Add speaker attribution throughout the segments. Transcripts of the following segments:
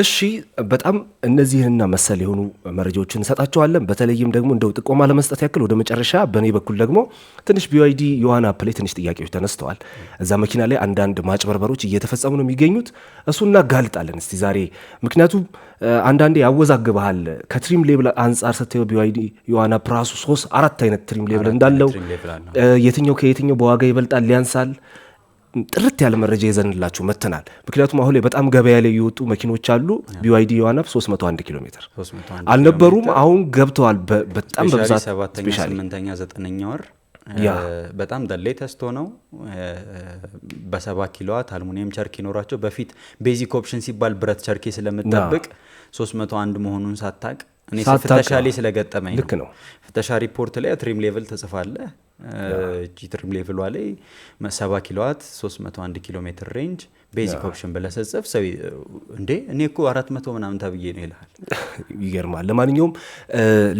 Speaker 1: እሺ በጣም እነዚህንና መሰል የሆኑ መረጃዎች እንሰጣቸዋለን። በተለይም ደግሞ እንደው ጥቆማ ለመስጠት ያክል ወደ መጨረሻ በእኔ በኩል ደግሞ ትንሽ ቢዋይዲ ዮሐን አፕ ላይ ትንሽ ጥያቄዎች ተነስተዋል። እዛ መኪና ላይ አንዳንድ ማጭበርበሮች እየተፈጸሙ ነው የሚገኙት። እሱ እናጋልጣለን እስቲ ዛሬ ምክንያቱም አንዳንዴ ያወዛግብሃል። ከትሪም ሌብል አንጻር ስታየው ቢዋይዲ ዮሐን አፕ ራሱ ሶስት አራት አይነት ትሪም ሌብል እንዳለው የትኛው ከየትኛው በዋጋ ይበልጣል ሊያንሳል ጥርት ያለ መረጃ ይዘንላችሁ መጥተናል። ምክንያቱም አሁን ላይ በጣም ገበያ ላይ የወጡ መኪኖች አሉ። ቢዋይዲ ዮሐናብ 301 ኪሎ ሜትር አልነበሩም፣ አሁን ገብተዋል በጣም በብዛት
Speaker 2: ሰባተኛ፣ ስምንተኛ፣ ዘጠነኛ ወር በጣም ደሌ ተስቶ ነው። በሰባ ኪሎዋት አልሙኒየም ቸርክ ይኖራቸው። በፊት ቤዚክ ኦፕሽን ሲባል ብረት ቸርኪ ስለምጠብቅ 301 መሆኑን ሳታቅ እኔ ስፍተሻሌ ስለገጠመኝ ነው። ፍተሻ ሪፖርት ላይ ትሪም ሌቭል ትጽፋለህ። እቺ ትሪም ሌቭሏ ላይ 70 ኪሎዋት 301 ኪሎ ሜትር ሬንጅ ቤዚክ ኦፕሽን ብለህ ሰው እንዴ እኔ እኮ 400 ምናምን ተብዬ ነው ይልል
Speaker 1: ይገርማል። ለማንኛውም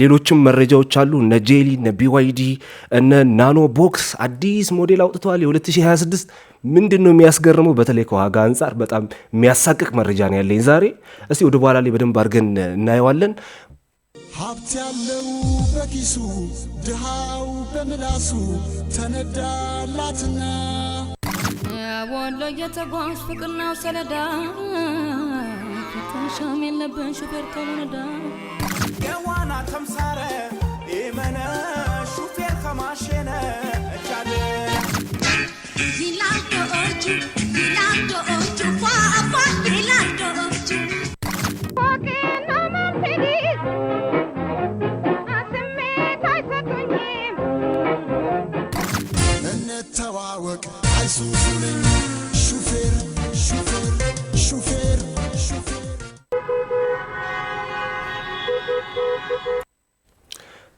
Speaker 1: ሌሎችም መረጃዎች አሉ። እነ ጄሊ፣ እነ ቢዋይዲ፣ እነ ናኖ ቦክስ አዲስ ሞዴል አውጥተዋል የ2026 ምንድን ነው የሚያስገርመው? በተለይ ከዋጋ አንጻር በጣም የሚያሳቅቅ መረጃ ነው ያለኝ ዛሬ። እስቲ ወደ በኋላ ላይ በደንብ አድርገን እናየዋለን። ሀብት ያለው በኪሱ ድሃው በምላሱ ተነዳላትና ወሎ የተጓዝ ፍቅርናው ሰለዳ ተሻም የለብን ሹፌር ከመነዳ የዋና ተምሳረ የመነ ሹፌር ከማሽነ እጃለ ዚላንዶ ኦጁ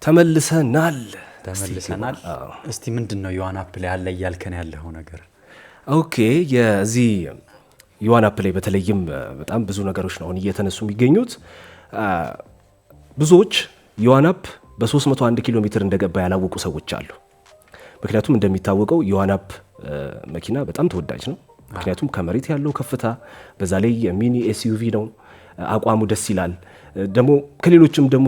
Speaker 1: ተመልሰናል
Speaker 2: ተመልሰናል። እስቲ ምንድን ነው ዮሐን አፕ ላይ አለ እያልከን ያለው ነገር?
Speaker 1: ኦኬ የዚህ ዮሐን አፕ ላይ በተለይም በጣም ብዙ ነገሮች ነው እየተነሱ የሚገኙት። ብዙዎች ዮሐን አፕ በ301 ኪሎ ሜትር እንደገባ ያላወቁ ሰዎች አሉ። ምክንያቱም እንደሚታወቀው ዮሐን አፕ መኪና በጣም ተወዳጅ ነው። ምክንያቱም ከመሬት ያለው ከፍታ፣ በዛ ላይ የሚኒ ኤስዩቪ ነው፣ አቋሙ ደስ ይላል። ደግሞ ከሌሎችም ደግሞ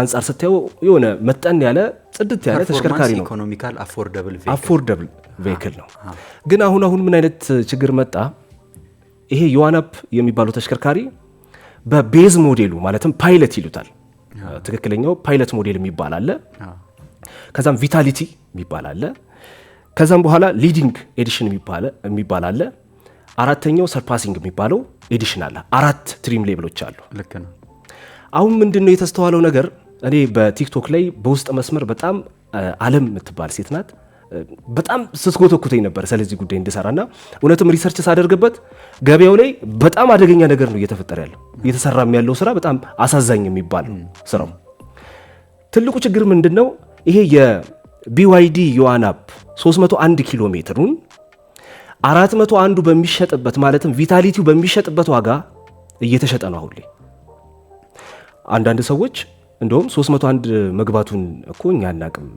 Speaker 1: አንጻር ስታየው የሆነ መጠን ያለ ጽድት ያለ ተሽከርካሪ
Speaker 2: ነው። ኢኮኖሚካል አፎርደብል
Speaker 1: ቬክል ነው። ግን አሁን አሁን ምን አይነት ችግር መጣ? ይሄ ዮዋናፕ የሚባለው ተሽከርካሪ በቤዝ ሞዴሉ ማለትም ፓይለት ይሉታል። ትክክለኛው ፓይለት ሞዴል የሚባል አለ። ከዛም ቪታሊቲ የሚባል አለ። ከዛም በኋላ ሊዲንግ ኤዲሽን የሚባል አለ። አራተኛው ሰርፓሲንግ የሚባለው ኤዲሽን አለ። አራት ትሪም ሌብሎች አሉ። ልክ ነው። አሁን ምንድን ነው የተስተዋለው ነገር? እኔ በቲክቶክ ላይ በውስጥ መስመር በጣም አለም የምትባል ሴት ናት በጣም ስትጎተኩተኝ ነበር ስለዚህ ጉዳይ እንድሰራና እውነትም ሪሰርች ሳደርግበት ገበያው ላይ በጣም አደገኛ ነገር ነው እየተፈጠረ ያለው። እየተሰራም ያለው ስራ በጣም አሳዛኝ የሚባል ስራው። ትልቁ ችግር ምንድን ነው? ይሄ የቢዋይዲ ዮዋናፕ 301 ኪሎ ሜትሩን 401 በሚሸጥበት ማለትም ቪታሊቲው በሚሸጥበት ዋጋ እየተሸጠ ነው አሁን ላይ አንዳንድ ሰዎች እንደውም 301 መግባቱን እኮ እኛ አናቅም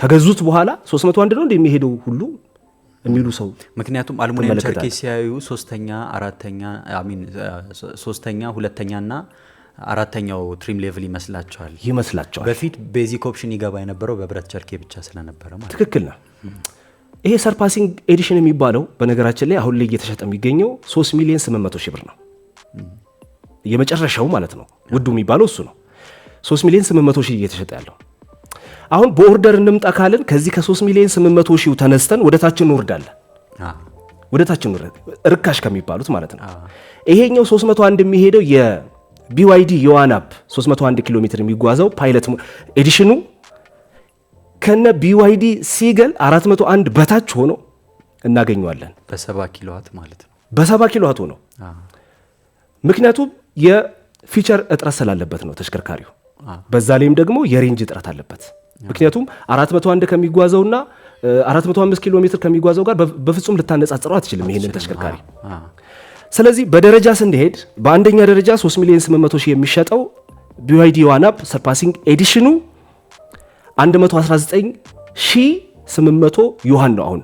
Speaker 1: ከገዙት በኋላ 301 ነው እንደሚሄደው ሁሉ የሚሉ ሰው
Speaker 2: ምክንያቱም አልሙኒየም ቸርኬ ሲያዩ ሶስተኛ አራተኛ አሚን ሶስተኛ ሁለተኛ ና አራተኛው ትሪም ሌቭል ይመስላቸዋል ይመስላቸዋል። በፊት ቤዚክ ኦፕሽን ይገባ የነበረው በብረት ቸርኬ ብቻ ስለነበረ ማለት
Speaker 1: ትክክል ነው። ይሄ ሰርፓሲንግ ኤዲሽን የሚባለው በነገራችን ላይ አሁን ላይ እየተሸጠ የሚገኘው 3 ሚሊዮን 800 ሺህ ብር ነው። የመጨረሻው ማለት ነው ውዱ የሚባለው እሱ ነው። 3 ሚሊዮን 800 ሺህ እየተሸጠ ያለው አሁን በኦርደር እንምጣ ካልን ከዚህ ከ3 ሚሊዮን 800 ሺህ ተነስተን ወደታችን ታች እንወርዳለን። ወደ ታች ርካሽ ከሚባሉት ማለት ነው። ይሄኛው 301 የሚሄደው የቢዋይዲ የዋናፕ 301 ኪሎ ሜትር የሚጓዘው ፓይለት ኤዲሽኑ ከነ ቢዋይዲ ሲገል 401 በታች ሆኖ እናገኘዋለን።
Speaker 2: በሰባ ኪሎዋት ማለት ነው።
Speaker 1: በሰባ ኪሎዋት ሆኖ ምክንያቱም የፊቸር እጥረት ስላለበት ነው ተሽከርካሪው። በዛ ላይም ደግሞ የሬንጅ እጥረት አለበት። ምክንያቱም 401 ከሚጓዘውና 405 ኪሎ ሜትር ከሚጓዘው ጋር በፍጹም ልታነጻጽረው አትችልም ይህንን ተሽከርካሪ። ስለዚህ በደረጃ ስንሄድ በአንደኛ ደረጃ 3 ሚሊዮን 800 ሺህ የሚሸጠው ቢዋይዲ ዋናፕ ሰርፓሲንግ ኤዲሽኑ 119 ሺህ 800 ዩሃን ነው አሁን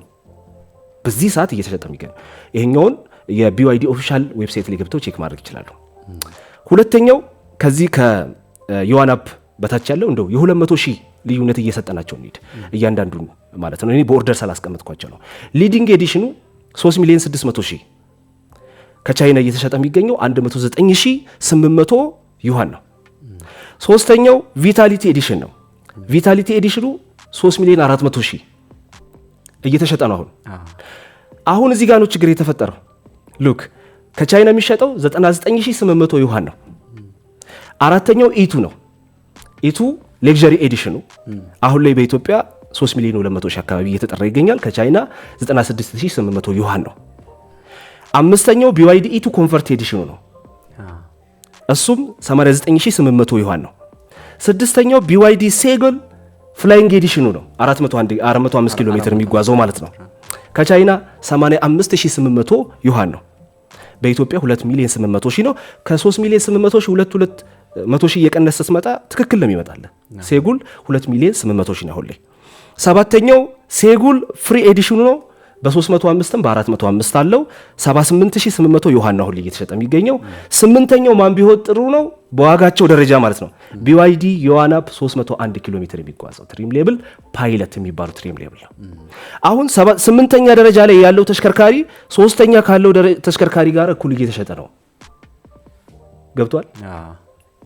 Speaker 1: በዚህ ሰዓት እየተሸጠ የሚገኝ ይሄኛውን የቢዋይዲ ኦፊሻል ዌብሳይት ላይ ገብተው ቼክ ማድረግ ይችላሉ። ሁለተኛው ከዚህ ከዮዋን በታች ያለው እንደው የ200 ሺህ ልዩነት እየሰጠናቸው እንሂድ እያንዳንዱን ማለት ነው። እኔ በኦርደር ስላስቀመጥኳቸው ነው። ሊዲንግ ኤዲሽኑ 3 ሚሊዮን 600 ሺህ ከቻይና እየተሸጠ የሚገኘው ሺህ 800 ዩሃን ነው። ሶስተኛው ቪታሊቲ ኤዲሽን ነው። ቪታሊቲ ኤዲሽኑ 3 ሚሊዮን 400 ሺህ እየተሸጠ ነው። አሁን አሁን እዚህ ጋር ነው ችግር የተፈጠረው ሉክ ከቻይና የሚሸጠው 99800 ዩሃን ነው። አራተኛው ኢቱ ነው። ኢቱ ሌክዠሪ ኤዲሽኑ አሁን ላይ በኢትዮጵያ 3 ሚሊዮን 200 ሺህ አካባቢ እየተጠራ ይገኛል። ከቻይና 96800 ዩሃን ነው። አምስተኛው ቢዋይዲ ኢቱ ኮንቨርት ኤዲሽኑ ነው። እሱም 89800 ዩሃን ነው። ስድስተኛው ቢዋይዲ ሴጎል ፍላይንግ ኤዲሽኑ ነው 405 ኪሎ ሜትር የሚጓዘው ማለት ነው። ከቻይና 85800 ዩሃን ነው። በኢትዮጵያ 2 ሚሊዮን 800 ሺህ ነው። ከ3 ሚሊዮን 800 ሺህ 2 2 መቶ ሺህ እየቀነሰ ስትመጣ ትክክል ነው የሚመጣለ ሴጉል 2 ሚሊዮን 800 ሺህ ነው። ሁሌ ሰባተኛው ሴጉል ፍሪ ኤዲሽኑ ነው። በ305ም በ405 አለው 78800 ዮሐና ሁሉ እየተሸጠ የሚገኘው ስምንተኛው ማን ቢሆን ጥሩ ነው? በዋጋቸው ደረጃ ማለት ነው። ቢዋይዲ ዮሐና 301 ኪሎ ሜትር የሚጓዘው ትሪም ሌብል ፓይለት የሚባሉ ትሪም ሌብል ነው። አሁን ስምንተኛ ደረጃ ላይ ያለው ተሽከርካሪ ሶስተኛ ካለው ተሽከርካሪ ጋር እኩል እየተሸጠ ነው። ገብቷል።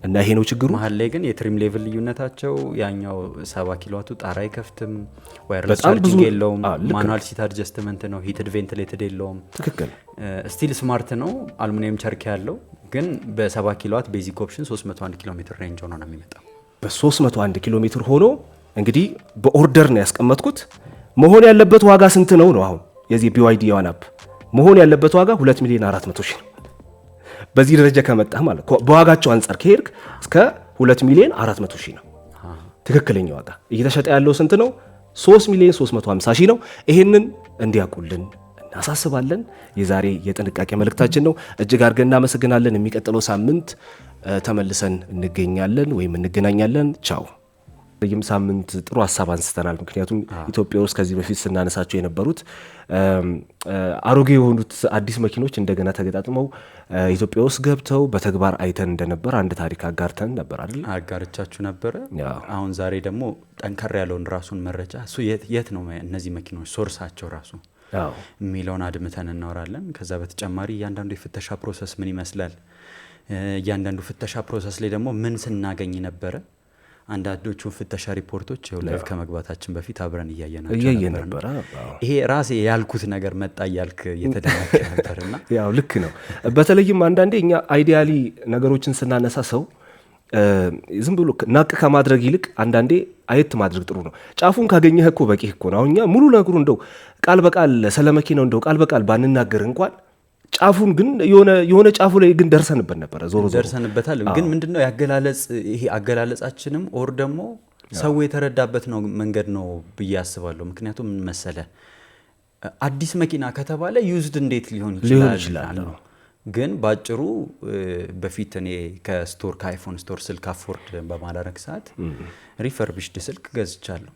Speaker 1: እና ይሄ ነው ችግሩ።
Speaker 2: መሀል ላይ ግን የትሪም ሌቭል ልዩነታቸው ያኛው ሰባ ኪሎዋቱ ጣራ አይከፍትም፣ ዋየርለስ ቻርጅንግ የለውም፣ ማኑዋል ሲት አድጀስትመንት ነው፣ ሂትድ ቬንትሌትድ የለውም። ትክክል። ስቲል ስማርት ነው፣ አልሙኒየም ቸርክ ያለው ግን በሰባ ኪሎዋት ቤዚክ ኦፕሽን 301 ኪሎ ሜትር ሬንጅ ሆኖ ነው የሚመጣው።
Speaker 1: በ301 ኪሎ ሜትር ሆኖ እንግዲህ በኦርደር ነው ያስቀመጥኩት። መሆን ያለበት ዋጋ ስንት ነው ነው አሁን የዚህ ቢዋይዲ ዋን አፕ መሆን ያለበት ዋጋ 2 ሚሊዮን 400 ሺህ ነው። በዚህ ደረጃ ከመጣህ ማለት በዋጋቸው አንጻር ከሄድክ እስከ 2 ሚሊዮን 400 ሺህ ነው ትክክለኛ ዋጋ። እየተሸጠ ያለው ስንት ነው? 3 ሚሊዮን 350 ሺህ ነው። ይሄንን እንዲያውቁልን እናሳስባለን። የዛሬ የጥንቃቄ መልእክታችን ነው። እጅግ አድርገን እናመሰግናለን። የሚቀጥለው ሳምንት ተመልሰን እንገኛለን ወይም እንገናኛለን። ቻው ይህም ሳምንት ጥሩ ሀሳብ አንስተናል። ምክንያቱም ኢትዮጵያ ውስጥ ከዚህ በፊት ስናነሳቸው የነበሩት አሮጌ የሆኑት አዲስ መኪኖች እንደገና ተገጣጥመው ኢትዮጵያ ውስጥ ገብተው በተግባር አይተን እንደነበር አንድ ታሪክ አጋርተን ነበር አይደል?
Speaker 2: አጋርቻችሁ ነበረ። አሁን ዛሬ ደግሞ ጠንከር ያለውን ራሱን መረጃ እሱ የት ነው እነዚህ መኪኖች ሶርሳቸው ራሱ የሚለውን አድምተን እናወራለን። ከዛ በተጨማሪ እያንዳንዱ የፍተሻ ፕሮሰስ ምን ይመስላል፣ እያንዳንዱ ፍተሻ ፕሮሰስ ላይ ደግሞ ምን ስናገኝ ነበረ አንዳንዶቹ ፍተሻ ሪፖርቶች ላይፍ ከመግባታችን በፊት አብረን
Speaker 1: ናቸው ነበረ።
Speaker 2: ይሄ ራሴ ያልኩት ነገር መጣ እያልክ እየተደናቀ
Speaker 1: ያው ልክ ነው። በተለይም አንዳንዴ እኛ አይዲያሊ ነገሮችን ስናነሳ ሰው ዝም ብሎ ናቅ ከማድረግ ይልቅ አንዳንዴ አየት ማድረግ ጥሩ ነው። ጫፉን ካገኘህ እኮ በቂህ እኮ ነው። አሁን እኛ ሙሉ ነገሩ እንደው ቃል በቃል ስለመኪናው እንደው ቃል በቃል ባንናገር እንኳን ጫፉን ግን የሆነ ጫፉ ላይ ግን ደርሰንበት ነበረ። ዞሮ ዞሮ
Speaker 2: ደርሰንበታል። ግን ምንድነው ያገላለጽ ይሄ አገላለጻችንም ኦር ደግሞ ሰው የተረዳበት ነው መንገድ ነው ብዬ አስባለሁ። ምክንያቱም ምን መሰለ አዲስ መኪና ከተባለ ዩዝድ እንዴት ሊሆን ይችላል ነው ግን ባጭሩ በፊት እኔ ከስቶር ከአይፎን ስቶር ስልክ አፎርድ በማላረግ ሰዓት ሪፈርቢሽድ ስልክ ገዝቻለሁ።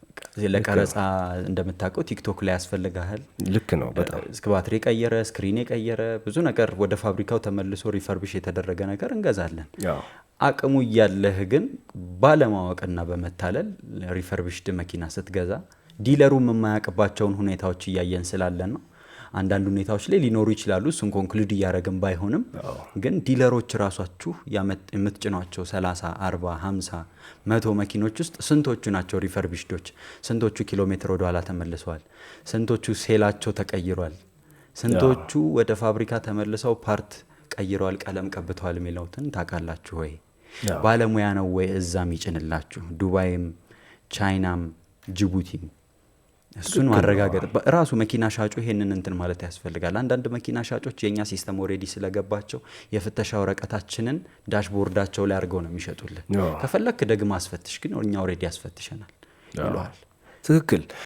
Speaker 2: ለቀረጻ እንደምታውቀው ቲክቶክ ላይ ያስፈልግሃል።
Speaker 1: ልክ ነው። በጣም
Speaker 2: እስከ ባትሪ ቀየረ፣ ስክሪን የቀየረ ብዙ ነገር ወደ ፋብሪካው ተመልሶ ሪፈርቢሽ የተደረገ ነገር እንገዛለን። አቅሙ እያለህ ግን ባለማወቅና በመታለል ሪፈርቢሽድ መኪና ስትገዛ ዲለሩ የማያውቅባቸውን ሁኔታዎች እያየን ስላለን ነው አንዳንድ ሁኔታዎች ላይ ሊኖሩ ይችላሉ። እሱን ኮንክሉድ እያደረግን ባይሆንም ግን ዲለሮች ራሷችሁ የምትጭኗቸው 30፣ 40፣ 50፣ መቶ መኪኖች ውስጥ ስንቶቹ ናቸው ሪፈርቢሽዶች? ስንቶቹ ኪሎ ሜትር ወደኋላ ተመልሰዋል? ስንቶቹ ሴላቸው ተቀይሯል? ስንቶቹ ወደ ፋብሪካ ተመልሰው ፓርት ቀይረዋል፣ ቀለም ቀብተዋል የሚለውትን ታውቃላችሁ ወይ? ባለሙያ ነው ወይ እዛም ይጭንላችሁ? ዱባይም፣ ቻይናም፣ ጅቡቲም እሱን ማረጋገጥ ራሱ መኪና ሻጩ ይሄንን እንትን ማለት ያስፈልጋል። አንዳንድ መኪና ሻጮች የእኛ ሲስተም ኦልሬዲ ስለገባቸው የፍተሻ ወረቀታችንን ዳሽቦርዳቸው ላይ አድርገው ነው የሚሸጡልን። ከፈለክ ደግሞ አስፈትሽ፣ ግን እኛ ኦልሬዲ ያስፈትሸናል
Speaker 1: ይለዋል። ትክክል